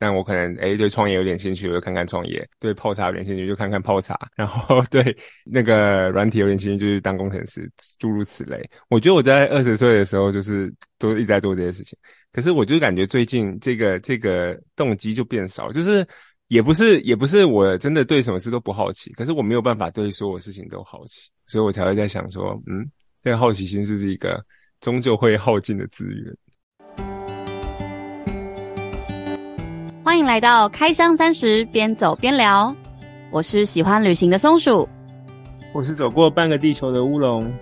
但我可能，哎，對創業有點興趣，我就看看創業；對泡茶有點興趣，就看看泡茶。然後對那個軟體有點興趣，就是當工程師，諸如此類。我覺得我在二十歲的時候，就是都一直在做這些事情。可是我就感覺最近這個這個動機就變少，就是也不是也不是我真的對什麼事都不好奇，可是我沒有辦法對所有事情都好奇，所以我才會在想說，嗯，這、那個好奇心是不是一個終究會耗盡的資源？歡迎來到開箱三十，邊走邊聊。我是喜歡旅行的松鼠，我是走過半個地球的烏龍，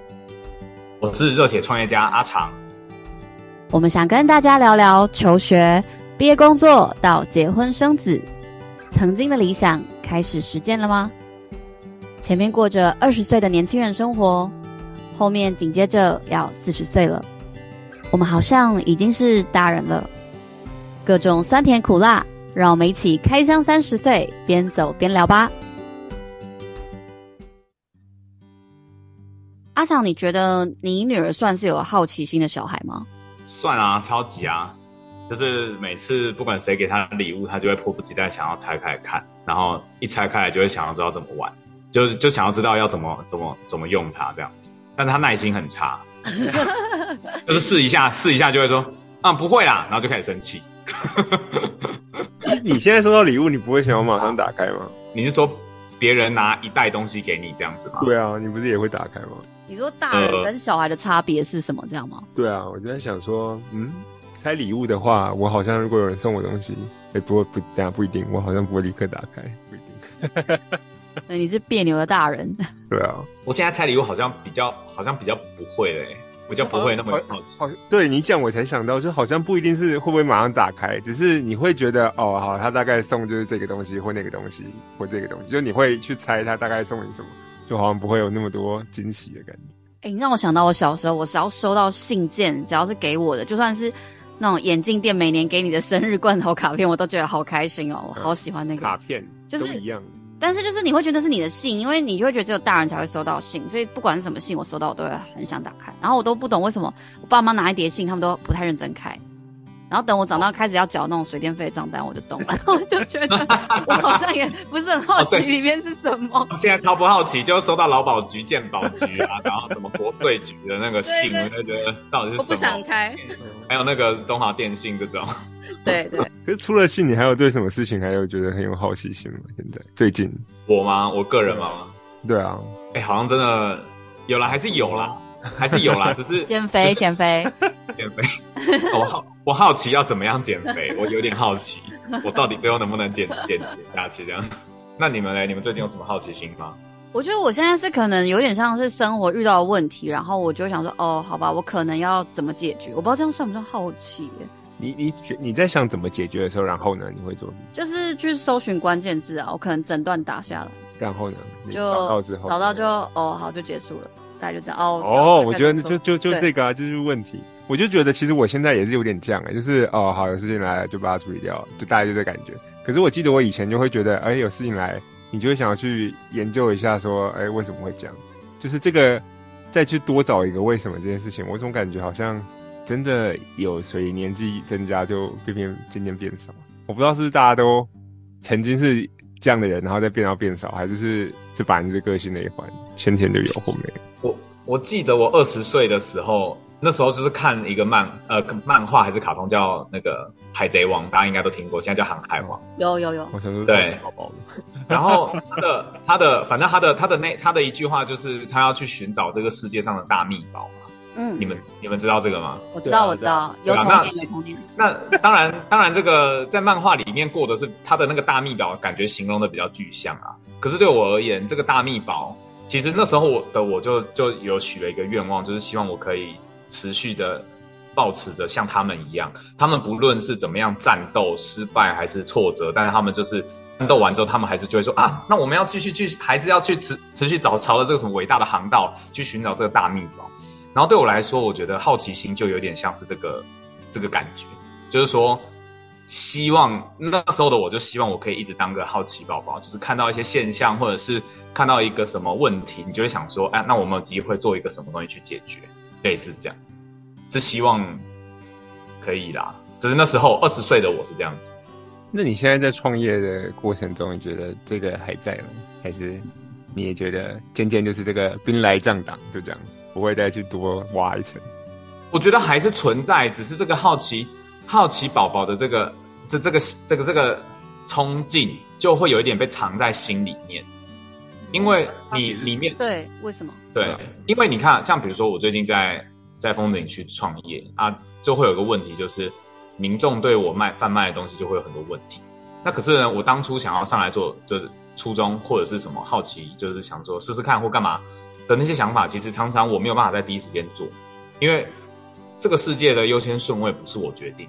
我是熱血創業家阿長。我們想跟大家聊聊求學、畢業、工作到結婚生子，曾經的理想開始實踐了嗎？前面過着二十歲的年輕人生活，後面緊接着要四十歲了。我們好像已經是大人了，各種酸甜苦辣。讓我們一起開箱三十歲，邊走邊聊吧。阿長，你覺得你女兒算是有好奇心的小孩嗎？算啊，超級啊，就是每次不管誰給她禮物，她就會迫不及待想要拆開看，然後一拆開來就會想要知道怎麼玩，就是就想要知道要怎麼怎麼怎麼用它這樣子。但她耐心很差， 就是試一下試一下就會說啊、嗯、不會啦，然後就開始生氣。哈哈哈，你現在收到禮物，你不會想要馬上打開嗎？你是說別人拿一袋東西給你這樣子嗎？對啊，你不是也會打開嗎？你說大人跟小孩的差別是什麼這樣嗎？嗯、對啊，我就在想說，嗯，拆禮物的話，我好像如果有人送我東西，哎、欸，不會不，大家不一定，我好像不會立刻打開，不一定。那、 欸、你是彆扭的大人。對啊，我現在拆禮物好像比較，好像比較不會嘞。我就不會那麼、好奇、好，好。對，你這樣講我才想到，就好像不一定是會不會馬上打開，只是你會覺得哦，好，他大概送就是這個東西或那個東西或這個東西，就你會去猜他大概送你什麼，就好像不會有那麼多驚喜的感覺。哎、欸，你讓我想到我小時候，我只要收到信件，只要是給我的，就算是那種眼鏡店每年給你的生日罐頭卡片，我都覺得好開心哦，我好喜歡那個、嗯、卡片，就是都一樣。但是就是你會覺得是你的信，因為你就會覺得只有大人才會收到信，所以不管是什麼信，我收到我都會很想打開。然後我都不懂為什麼我爸媽拿一疊信，他們都不太認真開。然後等我長到開始要繳那種水電費賬單，我就懂了，我、哦、 就覺得我好像也不是很好奇裡面是什麼。啊、現在超不好奇，就收到勞保局、健保局啊， 然後什麼國稅局的那個信，我就覺得到底是什麼。我不想開。還有那個中華電信這種。對對。對可是除了信，你還有對什麼事情還有覺得很有好奇心嗎？現在最近我嗎？我個人嗎？對啊。哎、欸，好像真的有了，還是有了。還是有啦，只是減肥，減肥、就是，減肥。我好，我好奇要怎麼樣減肥，我有點好奇，我到底最後能不能減減下去這樣？那你們嘞？你們最近有什麼好奇心嗎？我覺得我現在是可能有點像是生活遇到的問題，然後我就想說，哦，好吧，我可能要怎麼解決？我不知道這樣算不算好奇耶？你你你在想怎麼解決的時候，然後呢？你會做？就是去搜尋關鍵字啊，我可能整段打下來，然後呢？就找到之後，找到就哦，好，就結束了。大家就這樣哦，oh, 我覺得就就就，這個、啊、對 就這個啊，就是問題，我就覺得其實我現在也是有點這樣哎，就是哦，好，有事情來了，就把它處理掉，就大家就這感覺。可是我記得我以前就會覺得，哎、欸、有事情來，你就會想要去研究一下說，說、欸、哎為什麼會這樣，就是這個再去多找一個為什麼這件事情，我總感覺好像真的有隨年紀增加就變變漸漸變少。我不知道是不是大家都曾經是這樣的人，然後再變到變少，還是是這反正就是個性的一環，先天就有後面。我我記得我二十歲的時候，那時候就是看一個漫、呃漫畫還是卡通叫那個《海賊王》，大家應該都聽過，現在叫《航海王》。有有有。我想說，對，然後他的 他的，反正他的他的那他的一句話就是他要去尋找這個世界上的大秘寶嘛，嗯。你們你們知道這個嗎？我知道，啊、我知道，有童年、啊、年，有童年。那、那當然，當然，這個在漫畫裡面過的是他的那個大秘寶，感覺形容的比較具象啊。可是對我而言，這個大秘寶，其實那時候我的我就就有許了一個願望，就是希望我可以持續的抱持著像他們一樣，他們不論是怎麼樣戰鬥失敗還是挫折，但是他們就是戰鬥完之後，他們還是就會說啊，那我們要繼續去，還是要去持持續找朝着這個什麼偉大的航道去尋找這個大秘寶。然後對我來說，我覺得好奇心就有點像是這個這個感覺，就是說。希望那時候的我就希望我可以一直當個好奇寶寶，就是看到一些現象，或者是看到一個什麼問題，你就會想說，哎、啊，那我們有機會做一個什麼東西去解決，類似這樣，是希望可以啦。只、就是那時候二十歲的我是這樣子。那你現在在創業的過程中，你覺得這個還在嗎？還是你也覺得漸漸就是這個兵來將擋，就這樣，不會再去多挖一層？我覺得還是存在，只是這個好奇。好奇寶寶的這個、這、這個、這個、這個衝勁，就會有一點被藏在心裡面，嗯、因為你裡是面對，對為什麼？對，因為你看，像比如說我最近在在風景區創業啊，就會有個問題，就是民眾對我賣販賣的東西就會有很多問題。那可是呢，我當初想要上來做，就是初衷或者是什麼好奇，就是想做，試試看或幹嘛的那些想法，其實常常我沒有辦法在第一時間做，因為。這個世界的優先順位不是我決定，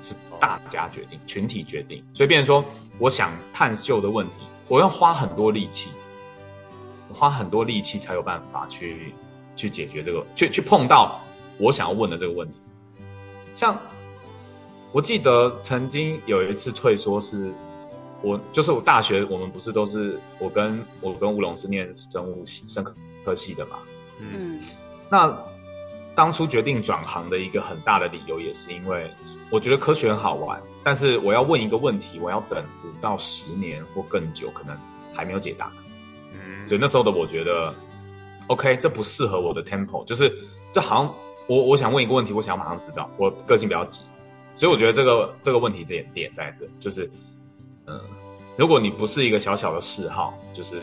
是大家決定、群體決定。所以變成說我想探究的問題，我要花很多力氣，花很多力氣才有辦法去去解決這個，去去碰到我想要問的這個問題。像我記得曾經有一次退縮，是我就是我大學我們不是都是我跟我跟烏龍是念生物系、生科系的嘛？嗯，那。當初決定轉行的一個很大的理由，也是因為我覺得科學很好玩。但是我要問一個問題，我要等五到十年或更久，可能還沒有解答。嗯，所以那時候的我覺得，OK，這不適合我的 tempo，就是這好像我我想問一個問題，我想要馬上知道，我個性比較急，所以我覺得這個這個問題這點點在這，就是、嗯、如果你不是一個小小的嗜好，就是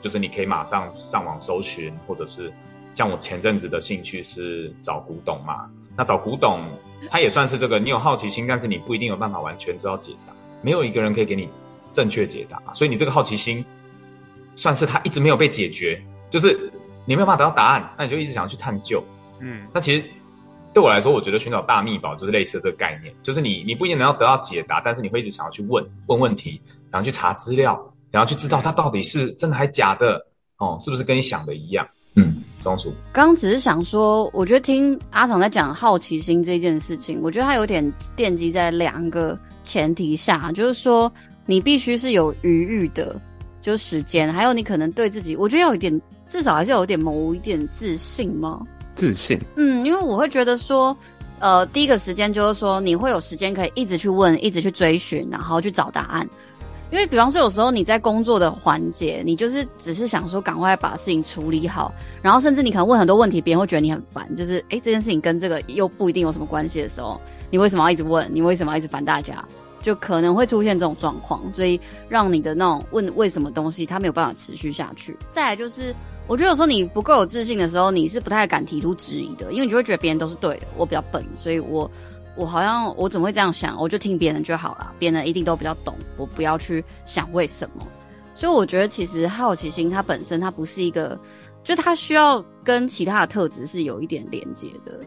就是你可以馬上上網搜尋，或者是。像我前陣子的興趣是找古董嘛，那找古董，它也算是這個，你有好奇心，但是你不一定有辦法完全知道解答，沒有一個人可以給你正確解答，所以你這個好奇心，算是它一直沒有被解決，就是你沒有辦法得到答案，那你就一直想要去探究，嗯，那其實對我來說，我覺得尋找大秘寶就是類似這個概念，就是你你不一定能要得到解答，但是你會一直想要去問問問題，然後去查資料，然後去知道它到底是真的還假的，哦、嗯，是不是跟你想的一樣？嗯，張叔。剛剛只是想說，我覺得聽阿長在講好奇心這件事情，我覺得它有點奠基在兩個前提下，就是說你必須是有餘裕的，就是時間，還有你可能對自己，我覺得要有一點，至少還是要有一點某一點自信嘛。自信。嗯，因為我會覺得說，呃，第一個時間就是說，你會有時間可以一直去問，一直去追尋，然後去找答案。因為，比方說，有時候你在工作的環節，你就是只是想說趕快把事情處理好，然後甚至你可能問很多問題，別人會覺得你很煩。就是，誒，這件事情跟這個又不一定有什麼關係的時候，你為什麼要一直問？你為什麼要一直煩大家？就可能會出現這種狀況，所以讓你的那種問為什麼東西，它沒有辦法持續下去。再來就是，我覺得有時候你不夠有自信的時候，你是不太敢提出質疑的，因為你就會覺得別人都是對的。我比較笨，所以我。我好像我怎麼會這樣想？我就聽別人就好了，別人一定都比較懂。我不要去想為什麼。所以我覺得其實好奇心它本身它不是一個，就它需要跟其他的特質是有一點連接的。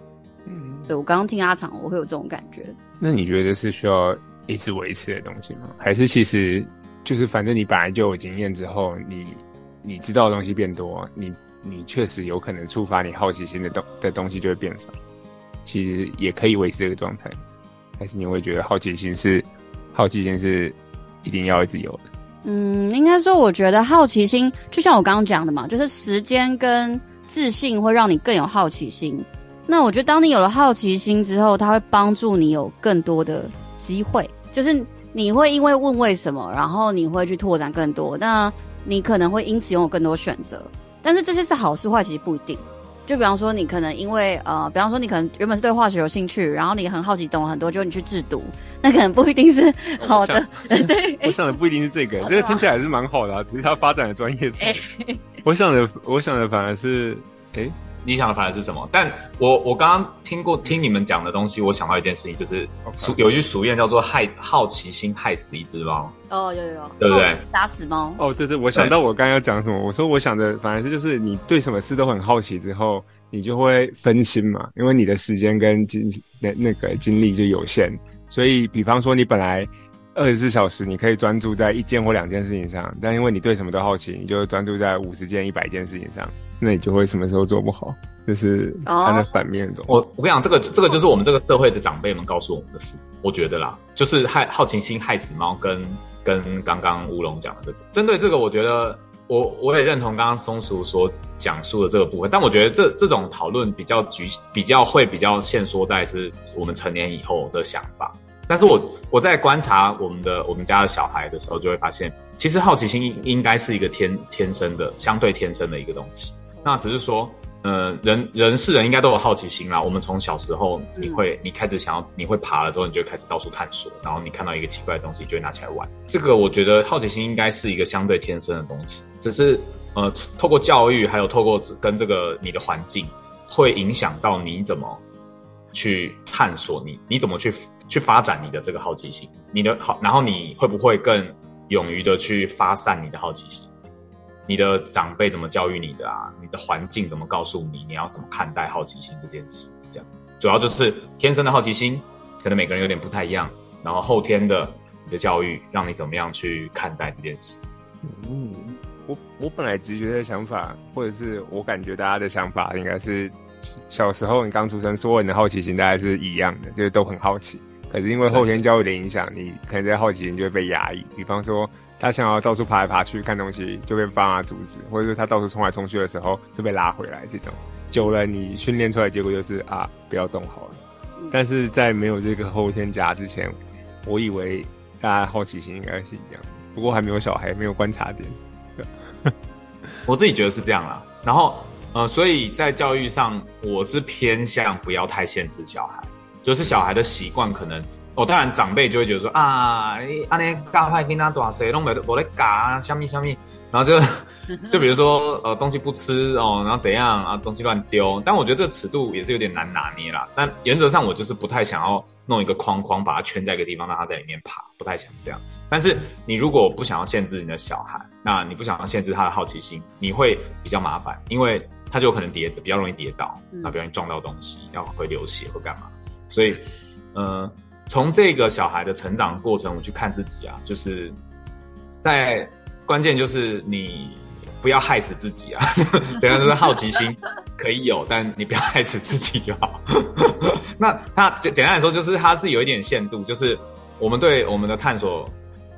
嗯，對，我剛剛聽阿長，我會有這種感覺。那你覺得是需要一直維持的東西嗎？還是其實就是反正你本來就有經驗之後，你你知道的東西變多，你你確實有可能觸發你好奇心的東的東西就會變少。其實也可以維持這個狀態，還是你會覺得好奇心是好奇心是一定要一直有的？嗯，應該說我覺得好奇心就像我剛剛講的嘛，就是時間跟自信會讓你更有好奇心。那我覺得當你有了好奇心之後，它會幫助你有更多的機會，就是你會因為問為什麼，然後你會去拓展更多，那你可能會因此擁有更多選擇。但是這些是好是壞，其實不一定。就比方說，你可能因為呃，比方說你可能原本是對化學有興趣，然後你很好奇懂了很多，就你去製毒，那可能不一定是好的。對，我想的不一定是這個， 這個聽起來還是蠻好的，啊， 只是它發展的專業、這個。 我想的，我想的反而是，哎、欸。你想的反而是什麼？但我我剛剛聽過聽你們講的東西，我想到一件事情，就是俗 Okay. 有一句俗諺叫做“害好奇心害死一隻貓”。哦，有有有，對不對？殺死貓。哦，oh, 對，對對，我想到我剛剛要講什麼。對我說我想的反而是就是你對什麼事都很好奇之後，你就會分心嘛，因為你的時間跟精那那個精力就有限。所以，比方說你本來。二十四小時，你可以專注在一件或兩件事情上，但因為你對什麼都好奇，你就專注在五十件、一百件事情上，那你就會什麼時候做不好，就是它的反面走。Oh. 我我跟你講，這個這個就是我們這個社會的長輩們告訴我們的事。我覺得啦，就是害好奇心害死貓跟，跟跟剛剛烏龍講的這個。針對這個，我覺得我我也認同剛剛松鼠所講述的這個部分，但我覺得這這種討論比較局，比較會比較限縮在是我們成年以後的想法。但是我我在觀察我們的我們家的小孩的時候，就會發現，其實好奇心應該是一個天天生的、相對天生的一個東西。那只是說，呃，人人是人，人應該都有好奇心啦。我們從小時候，你會你開始想要，你會爬了之後，你就開始到處探索，然後你看到一個奇怪的東西，就會拿起來玩。這個我覺得好奇心應該是一個相對天生的東西，只是呃，透過教育，還有透過跟這個你的環境，會影響到你怎麼去探索你，你你怎麼去。去發展你的這個好奇心，你的好，然後你會不會更勇於的去發散你的好奇心？你的長輩怎麼教育你的啊？你的環境怎麼告訴你你要怎麼看待好奇心這件事？這樣，主要就是天生的好奇心，可能每個人有點不太一樣，然後後天的你的教育讓你怎麼樣去看待這件事？嗯，我我本來直覺的想法，或者是我感覺大家的想法應該是小時候你剛出生說，所有的好奇心大家是一樣的，就是都很好奇。可是因為後天教育的影響，你可能在好奇心就會被壓抑。比方說，他想要到處爬來爬去看東西，就被爸媽、啊、阻止，或者是他到處衝來衝去的時候就被拉回來。這種久了，你訓練出來結果就是啊，不要動好了。但是在沒有這個後天教之前，我以為大家好奇心應該是一樣的。不過還沒有小孩，沒有觀察點。 我自己覺得是這樣啦。然後呃，所以在教育上，我是偏向不要太限制小孩。就是小孩的習慣，可能我、哦、當然長輩就會覺得說啊，你安尼搞壞拿他東西，弄沒我來嘎啊，蝦米蝦米。然後就就比如說，呃、東西不吃哦，然後怎樣啊，東西亂丟。但我覺得這個尺度也是有點難拿捏啦。但原則上我就是不太想要弄一個框框，把它圈在一個地方，讓它在裡面爬，不太想這樣。但是你如果不想要限制你的小孩，那你不想要限制他的好奇心，你會比較麻煩，因為他就可能跌，比較容易跌倒，那比較容易撞到東西，然後、嗯、會流血或幹嘛。所以，呃，從這個小孩的成長過程，我去看自己啊，就是在關鍵就是你不要害死自己啊。簡單說，是好奇心可以有， 但你不要害死自己就好。 那他，簡單來說，就是它是有一點限度，就是我們對我們的探索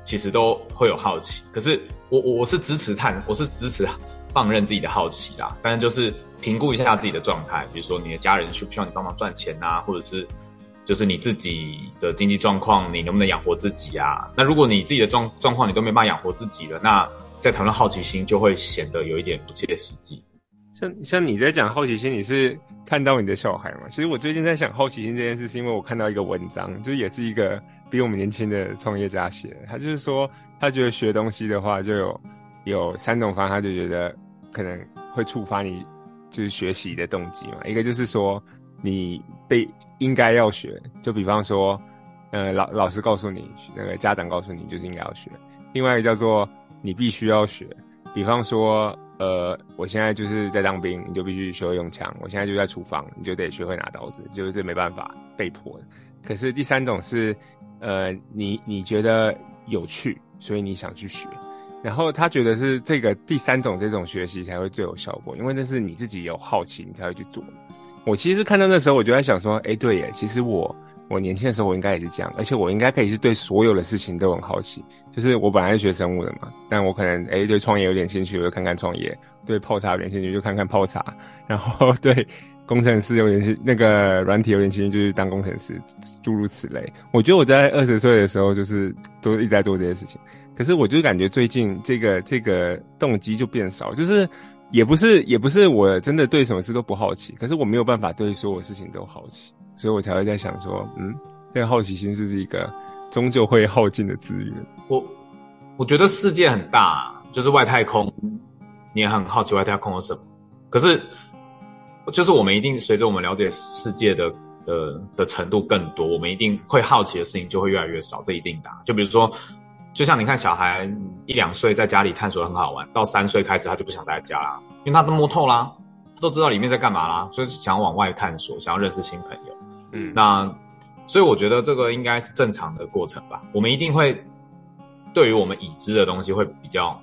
其實都會有好奇，可是我我，我是支持探，我是支持放任自己的好奇啊。但是就是評估一下自己的狀態，比如說你的家人需不需要你幫忙賺錢啊，或者是。就是你自己的經濟狀況，你能不能養活自己啊？那如果你自己的狀狀況你都沒辦法養活自己了，那再談論好奇心就會顯得有一點不切實際。像像你在講好奇心，你是看到你的小孩嗎？其實我最近在想好奇心這件事，是因為我看到一個文章，就是也是一個比我們年輕的創業家寫的。他就是說，他覺得學東西的話，就有有三種方法，他就覺得可能會觸發你就是學習的動機嘛。一個就是說，你被。應該要學，就比方說，呃，老老師告訴你，那個家長告訴你，就是應該要學。另外一個叫做你必須要學，比方說，呃，我現在就是在當兵，你就必須學會用槍；我現在就在廚房，你就得學會拿刀子，就是這沒辦法被迫的。可是第三種是，呃，你你覺得有趣，所以你想去學，然後他覺得是這個第三種這種學習才會最有效果，因為那是你自己有好奇，你才會去做。我其實看到那時候，我就在想說，哎，對耶，其實我我年輕的時候，我應該也是這樣，而且我應該可以是對所有的事情都很好奇。就是我本來是學生物的嘛，但我可能誒對創業有點興趣，我就看看創業；對泡茶有點興趣，就看看泡茶；然後對工程師有點興那個軟體有點興趣，就是當工程師，諸如此類。我覺得我在二十歲的時候，就是都一直在做這些事情。可是我就感覺最近這個這個動機就變少，就是。也不是，也不是我真的對什麼事都不好奇，可是我沒有辦法對所有事情都好奇，所以我才會在想說，嗯，這、那個好奇心就是一個終究會耗盡的資源。我我覺得世界很大，就是外太空，你也很好奇外太空有什麼，可是就是我們一定隨着我們了解世界的的的程度更多，我們一定會好奇的事情就會越來越少，這一定的。就比如說。就像你看，小孩一兩歲在家裡探索很好玩，到三歲開始他就不想待在家啦，因為他都摸透啦，他都知道裡面在幹嘛啦，所以想往外探索，想要認識新朋友。嗯，那所以我覺得這個應該是正常的過程吧。我們一定會對於我們已知的東西會比較，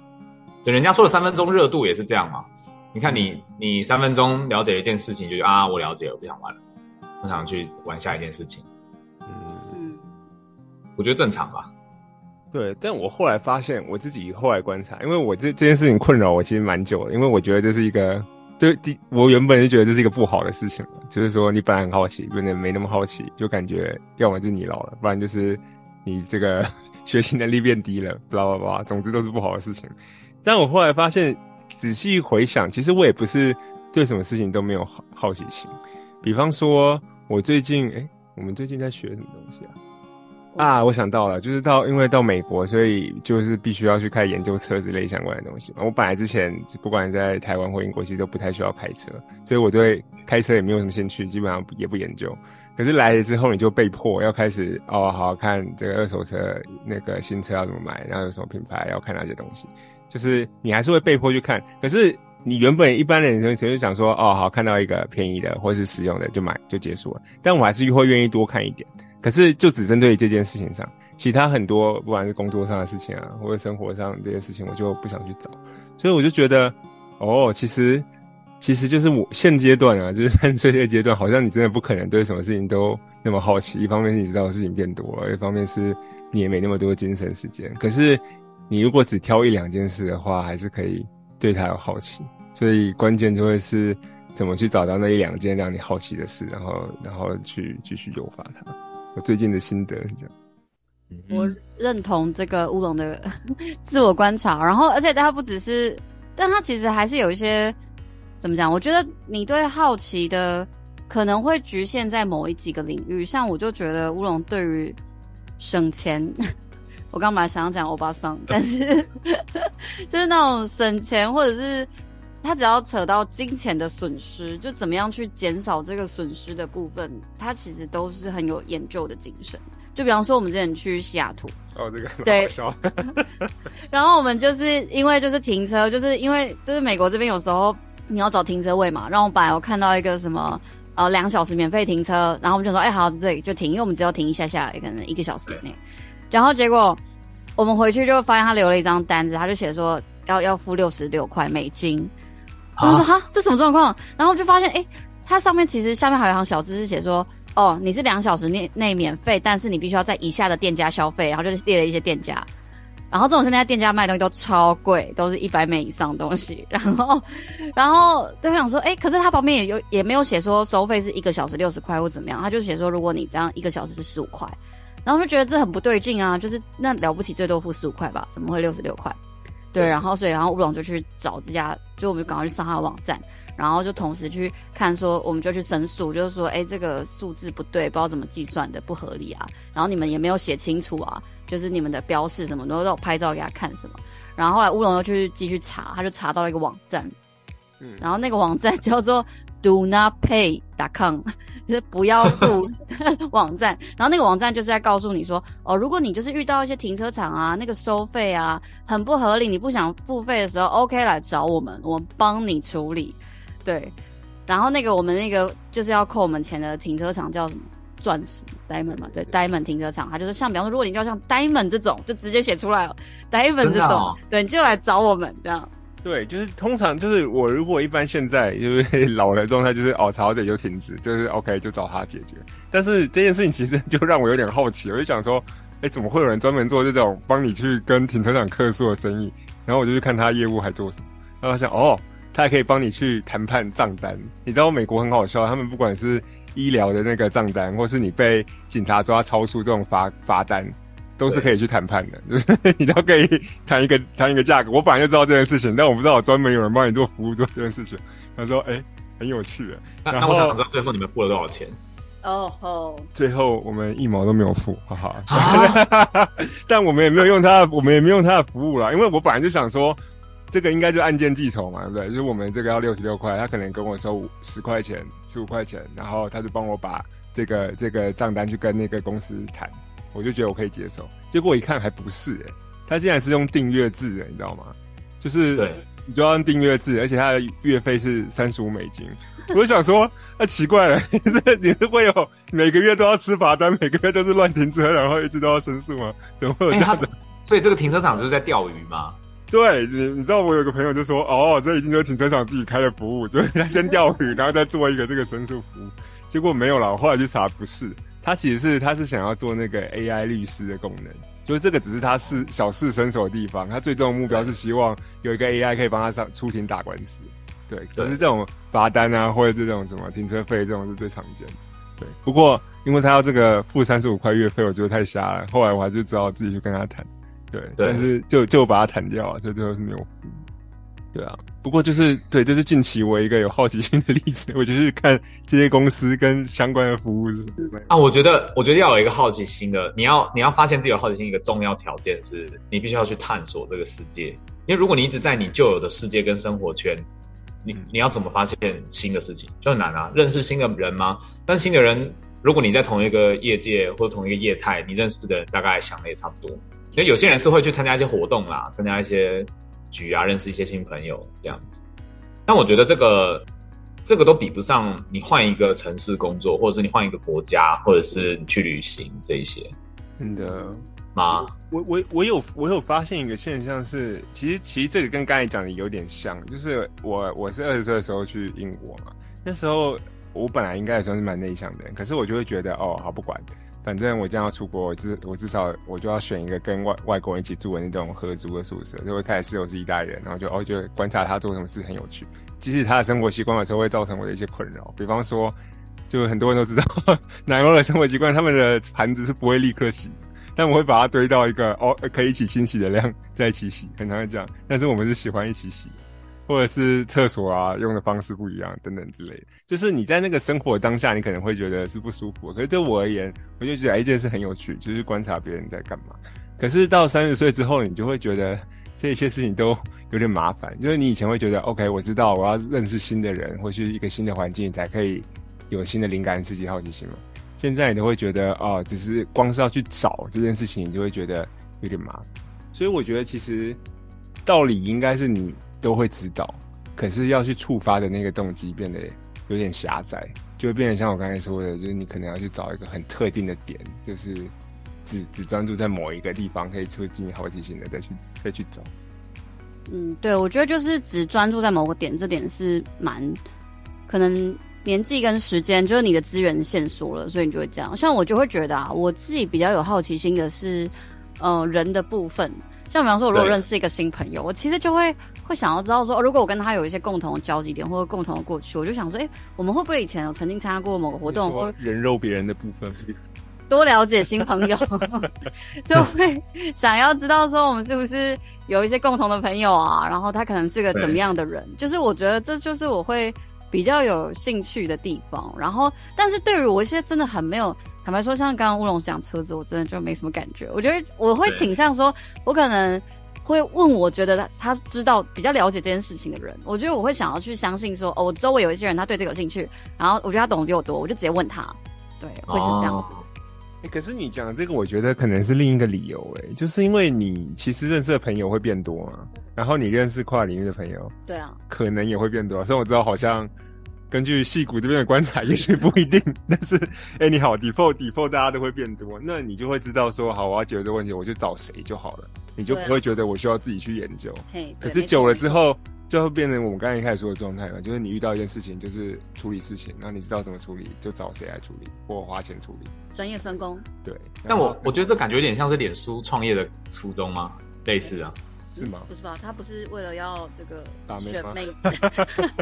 就人家說的三分鐘熱度也是這樣嘛。你看你你三分鐘了解一件事情就，就啊我了解了，我不想玩了，我想去玩下一件事情。嗯，我覺得正常吧。對，但我後來發現，我自己後來觀察，因為我這這件事情困擾我其實蠻久了，因為我覺得這是一個，對，第我原本就覺得這是一個不好的事情，就是說你本來很好奇，變得沒那麼好奇，就感覺要麼就是你老了，不然就是你這個學習能力變低了，不知道，blah blah blah，總之都是不好的事情。但我後來發現，仔細回想，其實我也不是對什麼事情都沒有好，好奇心，比方說我最近，哎，我們最近在學什麼東西啊？啊，我想到了，就是到，因為到美國，所以就是必須要去開始研究車之類相關的東西嘛。我本來之前不管在台灣或英國，其實都不太需要開車，所以我對開車也沒有什麼興趣，基本上也不研究。可是來了之後，你就被迫要開始哦，好好看這個二手車，那個新車要怎麼買，然後有什麼品牌，要看哪些東西，就是你還是會被迫去看。可是你原本一般人可能想說，哦，好看到一個便宜的或是實用的就買就結束了，但我還是會願意多看一點。可是就只針對這件事情上，其他很多不管是工作上的事情啊，或者生活上這些事情，我就不想去找。所以我就覺得，哦，其實，其實就是我現階段啊，就是在這些階段，好像你真的不可能對什麼事情都那麼好奇。一方面是你知道的事情變多了，一方面是你也沒那麼多精神時間。可是你如果只挑一兩件事的話，還是可以對它有好奇。所以關鍵就會是怎麼去找到那一兩件讓你好奇的事，然後，然後去繼續誘發它。我最近的心得是這樣，我認同這個烏龍的 自我觀察，然後而且他不只是，但他其實還是有一些怎麼講？我覺得你對好奇的可能會局限在某一幾個領域，像我就覺得烏龍對於省錢， 我剛本來想要講歐巴桑，但是 就是那種省錢或者是。他只要扯到金錢的損失，就怎麼樣去減少這個損失的部分，他其實都是很有研究的精神。就比方說，我們之前去西雅圖，哦，這個對， 然後我們就是因為就是停車，就是因為就是美國這邊有時候你要找停車位嘛，然後我本來我看到一個什麼呃兩小時免費停車，然後我們就說哎、欸、好，這裡就停，因為我們只要停一下下，可能一個小時以內。然後結果我們回去就發現他留了一張單子，他就寫說要要付六十六塊美金。我就說哈，這什麼狀況？然後就發現，哎、欸，它上面其實下面還有一行小字是寫說，哦，你是兩小時內內免費，但是你必須要在以下的店家消費，然後就是列了一些店家。然後這種現在店家賣東西都超貴，都是一百美以上的東西。然後，然後對方想說，哎、欸，可是他旁邊也有也沒有寫說收費是一個小時六十塊或怎麼樣，他就寫說如果你這樣一個小時是十五塊，然後就覺得這很不對勁啊，就是那了不起最多付十五塊吧，怎麼會六十六塊？對，然後所以，然後烏龍就去找這家，就我們就趕快去上他的網站，然後就同時去看說，說我們就去申訴，就是說，誒這個數字不對，不知道怎麼計算的不合理啊，然後你們也沒有寫清楚啊，就是你們的標示什麼，都讓我拍照給他看什麼，然後後來烏龍又去繼續查，他就查到了一個網站，嗯，然後那個網站叫做。Do not pay.com，就是不要付 網站。然後那個網站就是在告訴你說，哦，如果你就是遇到一些停車場啊，那個收費啊很不合理，你不想付費的時候，OK 來找我們，我們幫你處理。對，然後那個我們那個就是要扣我們錢的停車場叫什麼？鑽石？Diamond 嘛，對，Diamond 停車場，它就是說像比方說，如果你要像 Diamond 這種，就直接寫出來哦，Diamond 這種，哦、對，你就來找我們這樣。對，就是通常就是我如果一般現在就是老的狀態就是哦，吵嘴，就停止，就是 OK 就找他解決。但是這件事情其實就讓我有點好奇，我就想說，哎，怎麼會有人專門做這種幫你去跟停車場客訴的生意？然後我就去看他業務還做什麼，然後想哦，他還可以幫你去談判賬單。你知道美國很好笑，他們不管是醫療的那個賬單，或是你被警察抓超速這種罰罰單。對都是可以去談判的，就是你都可以談一個談一個價格。我本來就知道這件事情，但我不知道專門有人幫你做服務做這件事情。他說：“哎、欸，很有趣。”然後那那我想，想知道最後你們付了多少錢？哦吼！最後我們一毛都沒有付，哈哈。Huh? 但我們也沒有用他的， 我們也沒有用他的服務了，因為我本來就想說，這個應該就按件計酬嘛，對不對？就是我們這個要六十六塊，他可能跟我收十塊錢、十五塊錢，然後他就幫我把這個這個賬單去跟那個公司談。我就覺得我可以接受，結果一看還不是誒、欸、他竟然是用訂閱制的，你知道嗎？就是你對就要用訂閱制，而且他的月費是三十五美金。我就想說，那、 啊、奇怪了，是你是會有每個月都要吃罰單，每個月都是亂停車，然後一直都要申訴嗎？怎麼會有這樣子、欸？所以這個停車場就是在釣魚嗎？對，你你知道我有個朋友就說，哦，這已經就是停車場自己開的服務，就他先釣魚，然後再做一個這個申訴服務，結果沒有了，我後來去查不是。他其實是他是想要做那個 AI 律師的功能，就是這個只是他是小試身手的地方。他最終的目標是希望有一個 AI 可以幫他上出庭打官司，對。只是這種罰單啊，或者這種什麼停車費這種是最常見。對。不過因為他要這個付三十五塊月費，我覺得太瞎了。後來我還是只好自己去跟他談，對。但對對對是就就把他彈掉了，就最後是沒有。對啊。不過就是對，這是近期我一個有好奇心的例子。我就是看這些公司跟相關的服務是什麼。啊，我覺得，我覺得要有一個好奇心的，你要你要發現自己有好奇心，一個重要條件是你必須要去探索這個世界。因為如果你一直在你舊有的世界跟生活圈，你你要怎麼發現新的事情就很難啊。認識新的人嗎？但新的人，如果你在同一個業界或同一個業態，你認識的人大概想的也差不多。因為有些人是會去參加一些活動啦，參加一些。局啊，認識一些新朋友這樣子，但我覺得這個這個都比不上你換一個城市工作，或者是你換一個國家，或者是你去旅行這一些。真、嗯、的嗎？我我我有我有發現一個現象是，其實其實這個跟剛才講的有點像，就是我我是二十歲的時候去英國嘛，那時候我本來應該也算是蠻內向的人，可是我就會覺得哦，好不管。反正我將要出國，我至我至少我就要選一個跟外外國人一起住的那種合租的宿舍，就會開始室友是一代人，然後就哦就觀察他做什麼事很有趣，即使他的生活習慣有時候會造成我的一些困擾。比方說，就很多人都知道呵呵奶酪的生活習慣，他們的盤子是不會立刻洗，但我會把它堆到一個哦可以一起清洗的量在一起洗，很常會這樣，但是我們是喜歡一起洗。或者是廁所啊，用的方式不一樣，等等之類的，就是你在那個生活當下，你可能會覺得是不舒服。可是對我而言，我就覺得哎、欸，這件事很有趣，就是觀察別人在幹嘛。可是到三十歲之後，你就會覺得這些事情都有點麻煩。就是你以前會覺得，OK，我知道我要認識新的人，或是一個新的環境，你才可以有新的靈感刺激好奇心嘛。現在你都會覺得哦，只是光是要去找這件事情，你就會覺得有點麻煩。所以我覺得其實道理應該是你。都會知道，可是要去觸發的那個動機變得有點狹窄，就會變得像我剛才說的，就是你可能要去找一個很特定的點，就是只只專注在某一個地方可以促進好奇心的再去再去找。嗯，對，我覺得就是只專注在某個點，這點是蠻可能年紀跟時間就是你的資源限縮了，所以你就會這樣。像我就會覺得啊，我自己比較有好奇心的是，嗯、呃，人的部分。像比方說，我如果認識一個新朋友，對我其實就會會想要知道說、哦，如果我跟他有一些共同的交集點或者共同的過去，我就想說，哎，我們會不會以前有曾經參加過某個活動，或人肉別人的部分，多了解新朋友， 就會想要知道說，我們是不是有一些共同的朋友啊？然後他可能是個怎麼樣的人？對就是我覺得這就是我會。比較有興趣的地方，然後，但是對於我一些真的很沒有坦白說，像剛剛烏龍講車子，我真的就沒什麼感覺。我覺得我會傾向說，對我可能會問，我覺得他，他知道比較了解這件事情的人，我覺得我會想要去相信說，哦，周圍有一些人他對這個有興趣，然後我覺得他懂得比我多，我就直接問他，對，哦、會是這樣子的、欸。可是你講的這個，我覺得可能是另一個理由、欸，誒，就是因為你其實認識的朋友會變多嘛。然後你認識跨領域的朋友，對啊，可能也會變多。雖然我知道，好像根據矽谷這邊的觀察，也許不一定。 但是，哎、欸，你好，default default，大家都會變多，那你就會知道說，說好，我要解決這個問題，我就找誰就好了，你就不會覺得我需要自己去研究。嘿對，可是久了之後，就會變成我們剛才一開始說的狀態嘛，就是你遇到一件事情，就是處理事情，然後你知道怎麼處理，就找誰來處理，或花錢處理。專業分工，對。但我我覺得這感覺有點像是臉書創業的初衷嗎？類似啊。Okay. 是嗎、嗯？不是吧，他不是為了要這個選美，美。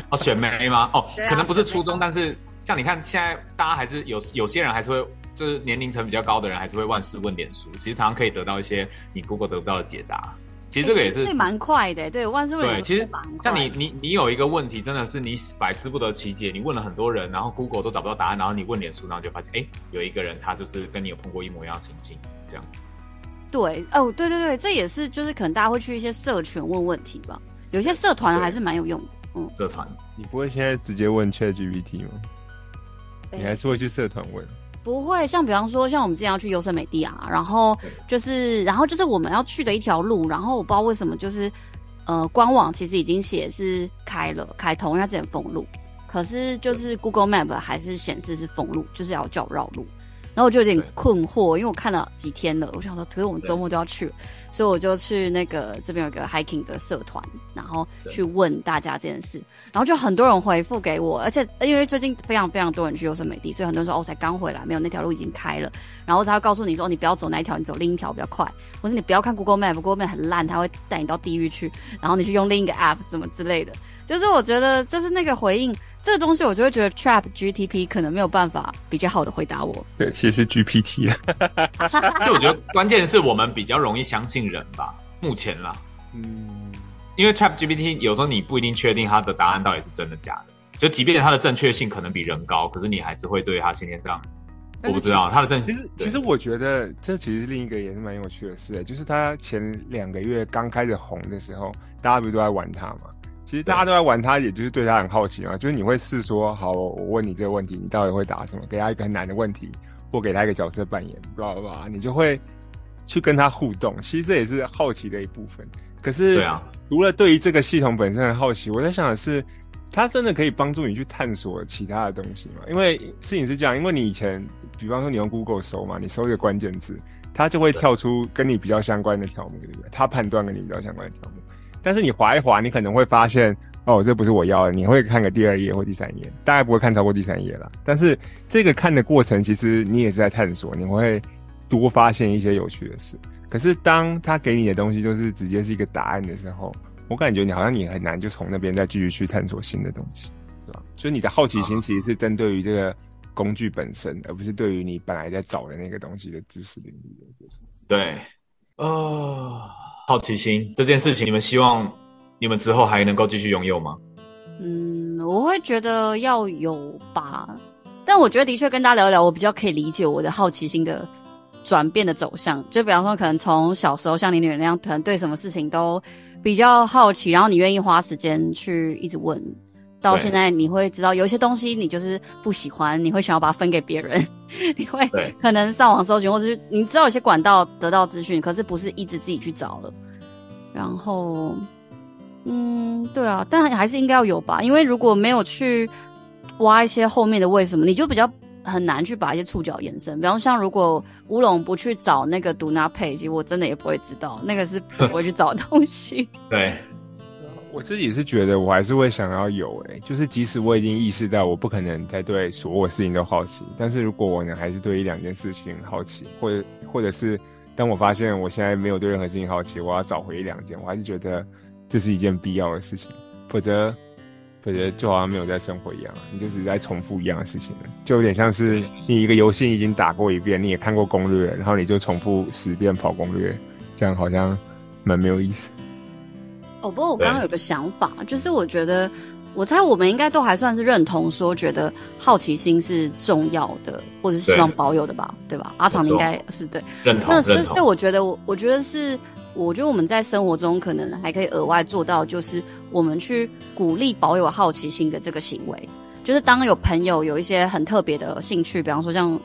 哦，選美嗎？哦，啊、可能不是初衷，但是像你看，現在大家還是有有些人還是會，就是年齡層比較高的人，還是會萬事問臉書。其實常常可以得到一些你 Google 得不到的解答。其實這個也是、欸、對，蠻快的。對，萬事問臉書，其實像你，你，你有一個問題，真的是你百思不得其解，你問了很多人，然後 Google 都找不到答案，然後你問臉書，然後就發現，哎、欸，有一個人他就是跟你有碰過一模一樣的情境，這樣。對哦，對對對，這也是就是可能大家會去一些社群問問題吧，有些社團還是蠻有用的。嗯，社團，你不會現在直接問 ChatGPT 嗎？對你還是會去社團問？不會，像比方說，像我們之前要去優勝美地啊，然後就是，對然後就是我們要去的一條路，然後我不知道為什麼就是，呃，官網其實已經寫是開了，開通，人家直接封路，可是就是 Google Map 還是顯示是封路，就是要叫繞路。然後我就有點困惑，對因為我看了幾天了，我想說，可是我們周末都要去了，對所以我就去那個這邊有個 hiking 的社團，然後去問大家這件事，對然後就很多人回復給我，而且因為最近非常非常多人去優勝美地，所以很多人說哦，我才剛回來，沒有那條路已經開了，然後他會告訴你說，哦、你不要走那一條，你走另一條比較快，或是你不要看 Google Map，Google Map 很爛，他會帶你到地獄去，然後你去用另一個 app 什麼之類的，就是我覺得就是那個回應。這個東西我就會覺得 Chat G T P 可能沒有辦法比較好的回答我。對，其實是 G P T 啊。 就我覺得關鍵是我們比較容易相信人吧。目前啦，嗯，因為 Chat G P T 有時候你不一定確定它的答案到底是真的假的。嗯、就即便它的正確性可能比人高，可是你還是會對他現在這樣。我不知道它的正確。其實對其實我覺得這其實另一個也是蠻有趣的事，欸，就是它前兩個月剛開始紅的時候，大家不是都在玩它嗎？其實大家都在玩它，對也就是對它很好奇嘛。就是你會試說，好，我問你這個問題，你到底會答什麼？給他一個很難的問題，或給他一個角色扮演，不知道好不好？你就會去跟他互動。其實這也是好奇的一部分。可是，對啊，除了對於這個系統本身很好奇，我在想的是，它真的可以幫助你去探索其他的東西嘛？因為事情是這樣，因為你以前，比方說你用 Google 搜嘛，你搜一個關鍵字，它就會跳出跟你比較相關的條目，對不對？它判斷跟你比較相關的條目。但是你滑一滑，你可能會發現哦，這不是我要的。你會看個第二頁或第三頁，大概不會看超過第三頁了。但是這個看的過程，其實你也是在探索，你會多發現一些有趣的事。可是當他給你的東西就是直接是一個答案的時候，我感覺你好像你很難就從那邊再繼續去探索新的東西，是吧？所以你的好奇心其實是針對於這個工具本身，而不是對於你本來在找的那個東西的知識領域的。就是、對，啊、哦。好奇心這件事情，你們希望你們之後還能夠繼續擁有嗎？嗯，我會覺得要有吧，但我覺得的確跟大家聊一聊，我比較可以理解我的好奇心的轉變的走向。就比方說，可能從小時候像你女兒那樣，可能對什麼事情都比較好奇，然後你願意花時間去一直問。到現在你會知道，有一些東西你就是不喜歡，對你會想要把它分給別人， 你會可能上網搜尋，或者是你知道有些管道得到資訊，可是不是一直自己去找了。然後，嗯，對啊，但還是應該要有吧，因為如果沒有去挖一些後面的為什麼，你就比較很難去把一些觸角延伸。比方說像如果烏龍不去找那個 DoNotPay，其實我真的也不會知道，那個是不會去找東西。 對。我自己是覺得，我還是會想要有哎、欸，就是即使我已經意識到我不可能再對所有的事情都好奇，但是如果我能還是對一兩件事情好奇，或者或者是，當我發現我現在沒有對任何事情好奇，我要找回一兩件，我還是覺得這是一件必要的事情。否則，否則就好像沒有在生活一樣，你就只是在重複一樣的事情，就有點像是你一個遊戲已經打過一遍，你也看過攻略，然後你就重複十遍跑攻略，這樣好像蠻沒有意思。哦，不過我剛剛有個想法，對就是我覺得，我猜我們應該都還算是認同說，覺得好奇心是重要的，或者是希望保有的吧，對，對吧？阿長說應該是對認同。那所以，所以我覺得，我我覺得是，我覺得我們在生活中可能還可以額外做到，就是我們去鼓勵保有好奇心的這個行為，就是當有朋友有一些很特別的興趣，比方說像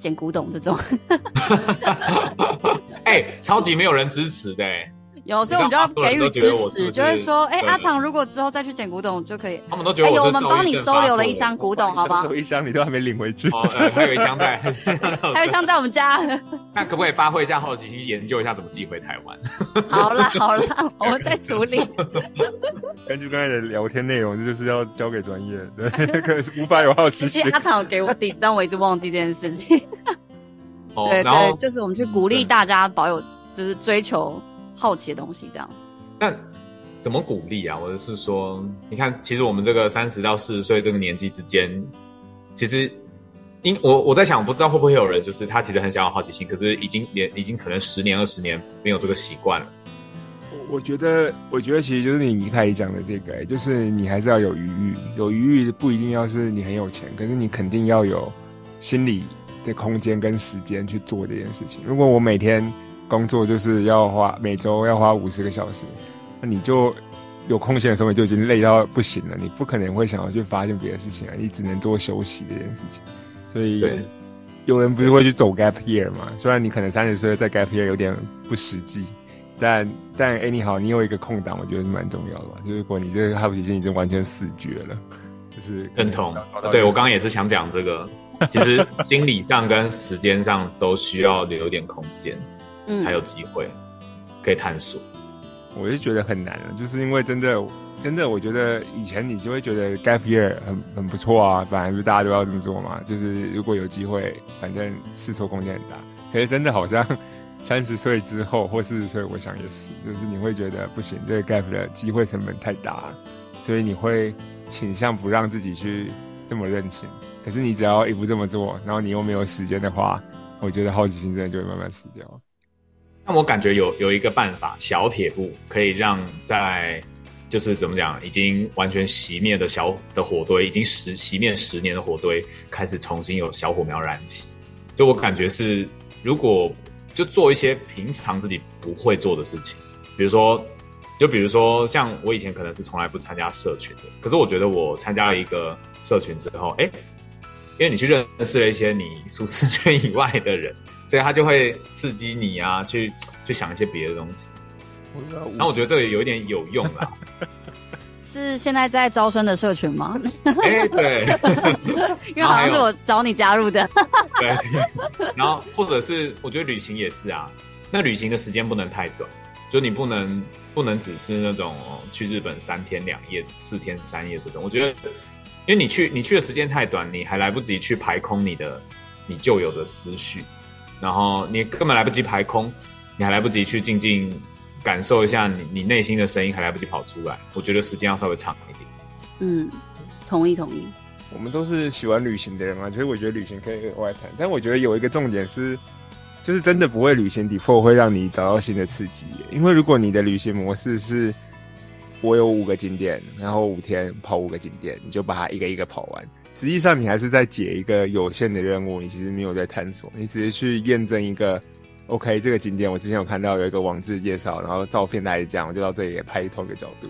撿古董這種，哎、 欸，超級沒有人支持的、欸。有，所以我們就要給予支持，支持就是說，哎、欸，了阿長，如果之後再去撿古董就可以。哎呦都覺得我、欸、我們幫你收留了一箱古董，好不好？有一箱你都還沒領回去，還有一箱在， 還有一箱在我們家。那可不可以發揮一下好奇心，研究一下怎麼寄回台灣？好了好了，我們再處理。 根據剛才的聊天內容，就是要交給專業，對，可能是無法有好奇心。其實阿長給我地址，但我一直忘記這件事情。對、哦、對，對後就是我們去鼓勵大家保有，對就是追求。好奇的東西這樣子，但怎麼鼓勵啊？我是說，你看，其實我們這個三十到四十歲這個年紀之間，其實，因我我在想，不知道會不會有人，就是他其實很想要好奇心，可是已經連已經可能十年、二十年沒有這個習慣了。我，我覺得，我覺得其實就是你一開始講的這個，欸，就是你還是要有餘裕，有餘裕不一定要是你很有錢，可是你肯定要有心理的空間跟時間去做這件事情。如果我每天，工作就是要花每週要花五十個小時，那你就有空閒的時候，你就已經累到不行了。你不可能會想要去發現別的事情啊，你只能做休息這件事情。所以，對有人不是會去走 gap year 嘛？對雖然你可能三十歲在 gap year 有點不實際，但但哎、欸，你好，你有一個空檔，我覺得是蠻重要的吧？就是如果你這個好奇心已經完全死絕了，就是認同，對，我剛剛也是想講這個， 其實心理上跟時間上都需要留一點空間。才有機會可以探索。嗯、我是覺得很難了，啊，就是因為真的，真的，我覺得以前你就會覺得 gap year 很很不錯啊，反正就是大家都要這麼做嘛。就是如果有機會，反正試錯空間很大。可是真的好像三十歲之後，或是四十歲，我想也是，就是你會覺得不行，這個 gap 的機會成本太大，啊，所以你會傾向不讓自己去這麼任性。可是你只要一不這麼做，然後你又沒有時間的話，我覺得好奇心真的就會慢慢死掉。但我感覺有有一個辦法，小撇步可以讓在就是怎麼講，已經完全熄滅的小的火堆，已經十熄滅十年的火堆，開始重新有小火苗燃起。就我感覺是，如果就做一些平常自己不會做的事情，比如說，就比如說像我以前可能是從來不參加社群的，可是我覺得我參加了一個社群之後，哎、欸，因為你去認識了一些你舒適圈以外的人。所以他就會刺激你啊，去去想一些別的東西。嗯、然後我覺得這個有一點有用啦。是現在在招生的社群嗎？哎、 欸，對， 因為好像是我找你加入的。 對，然後或者是我覺得旅行也是啊。那旅行的時間不能太短，就你不能不能只是那種去日本三天兩夜、四天三夜這種。我覺得，因為你去你去的時間太短，你還來不及去排空你的你舊有的思緒。然後你根本來不及排空，你還來不及去靜靜感受一下你你內心的聲音，還來不及跑出來。我覺得時間要稍微長一點。嗯，同意同意。我們都是喜歡旅行的人嘛，啊，所以我覺得旅行可以外談。但我覺得有一個重點是，就是真的不會旅行底 e 會讓你找到新的刺激。因為如果你的旅行模式是，我有五個景點，然後五天跑五個景點，你就把它一個一個跑完。實際上，你還是在解一個有限的任務，你其實沒有在探索，你只是去驗證一個 “OK” 這個景點。我之前有看到有一個網誌介紹，然後照片來講，我就到這裡也拍同一個角度。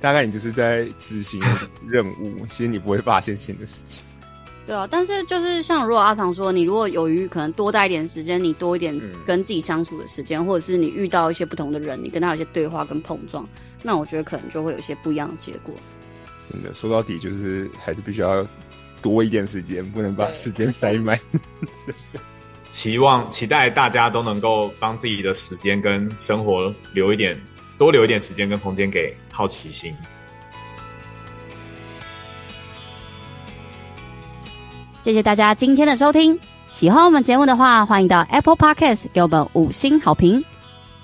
大概你就是在執行任務， 其實你不會發現新的事情。對啊，但是就是像如果阿長說，你如果有餘，可能多待一點時間，你多一點跟自己相處的時間，嗯、或者是你遇到一些不同的人，你跟他有些對話跟碰撞，那我覺得可能就會有一些不一樣的結果。真的說到底，就是還是必須要。多一點時間，不能把時間塞滿。希 望，期待大家都能夠幫自己的時間跟生活留一點，多留一點時間跟空間給好奇心。謝謝大家今天的收聽，喜歡我們節目的話，歡迎到 Apple Podcast 給我們五星好評。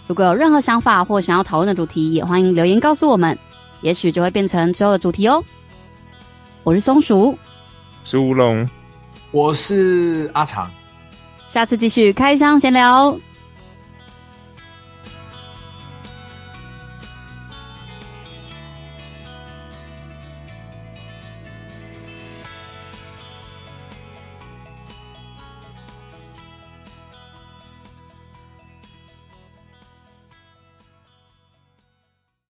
如果有任何想法或想要討論的主題，也歡迎留言告訴我們，也許就會變成之後的主題哦。我是松鼠。烏龍，書我是阿長，下次繼續開箱閒聊。